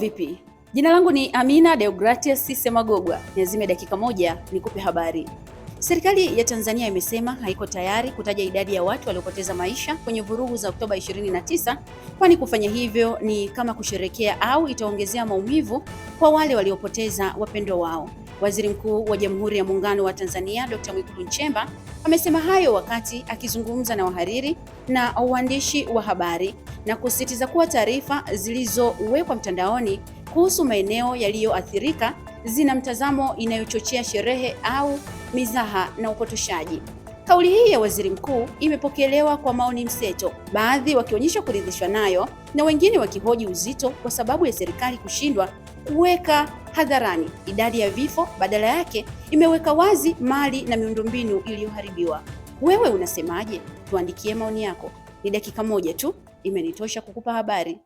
vipi? Jina langu ni Amina Deogratias Semagogwa, niazime dakika moja nikupe habari. Serikali ya Tanzania imesema haiko tayari kutaja idadi ya watu waliopoteza maisha kwenye vurugu za Oktoba 29, kwani kufanya hivyo ni kama kusherekea au itaongezea maumivu kwa wale waliopoteza wapendwa wao. Waziri Mkuu wa Jamhuri ya Muungano wa Tanzania, Dr. Mwigulu Nchemba amesema hayo wakati akizungumza na wahariri na uandishi wa habari na kusisitiza kuwa taarifa zilizowekwa mtandaoni kuhusu maeneo yaliyoathirika zina mtazamo inayochochea sherehe au mizaha na upotoshaji. Kauli hii ya waziri mkuu imepokelewa kwa maoni mseto, baadhi wakionyesha kuridhishwa nayo na wengine wakihoji uzito kwa sababu ya serikali kushindwa kuweka hadharani idadi ya vifo, badala yake imeweka wazi mali na miundombinu iliyoharibiwa. Wewe unasemaje? Tuandikie maoni yako. Ni dakika moja tu imenitosha kukupa habari.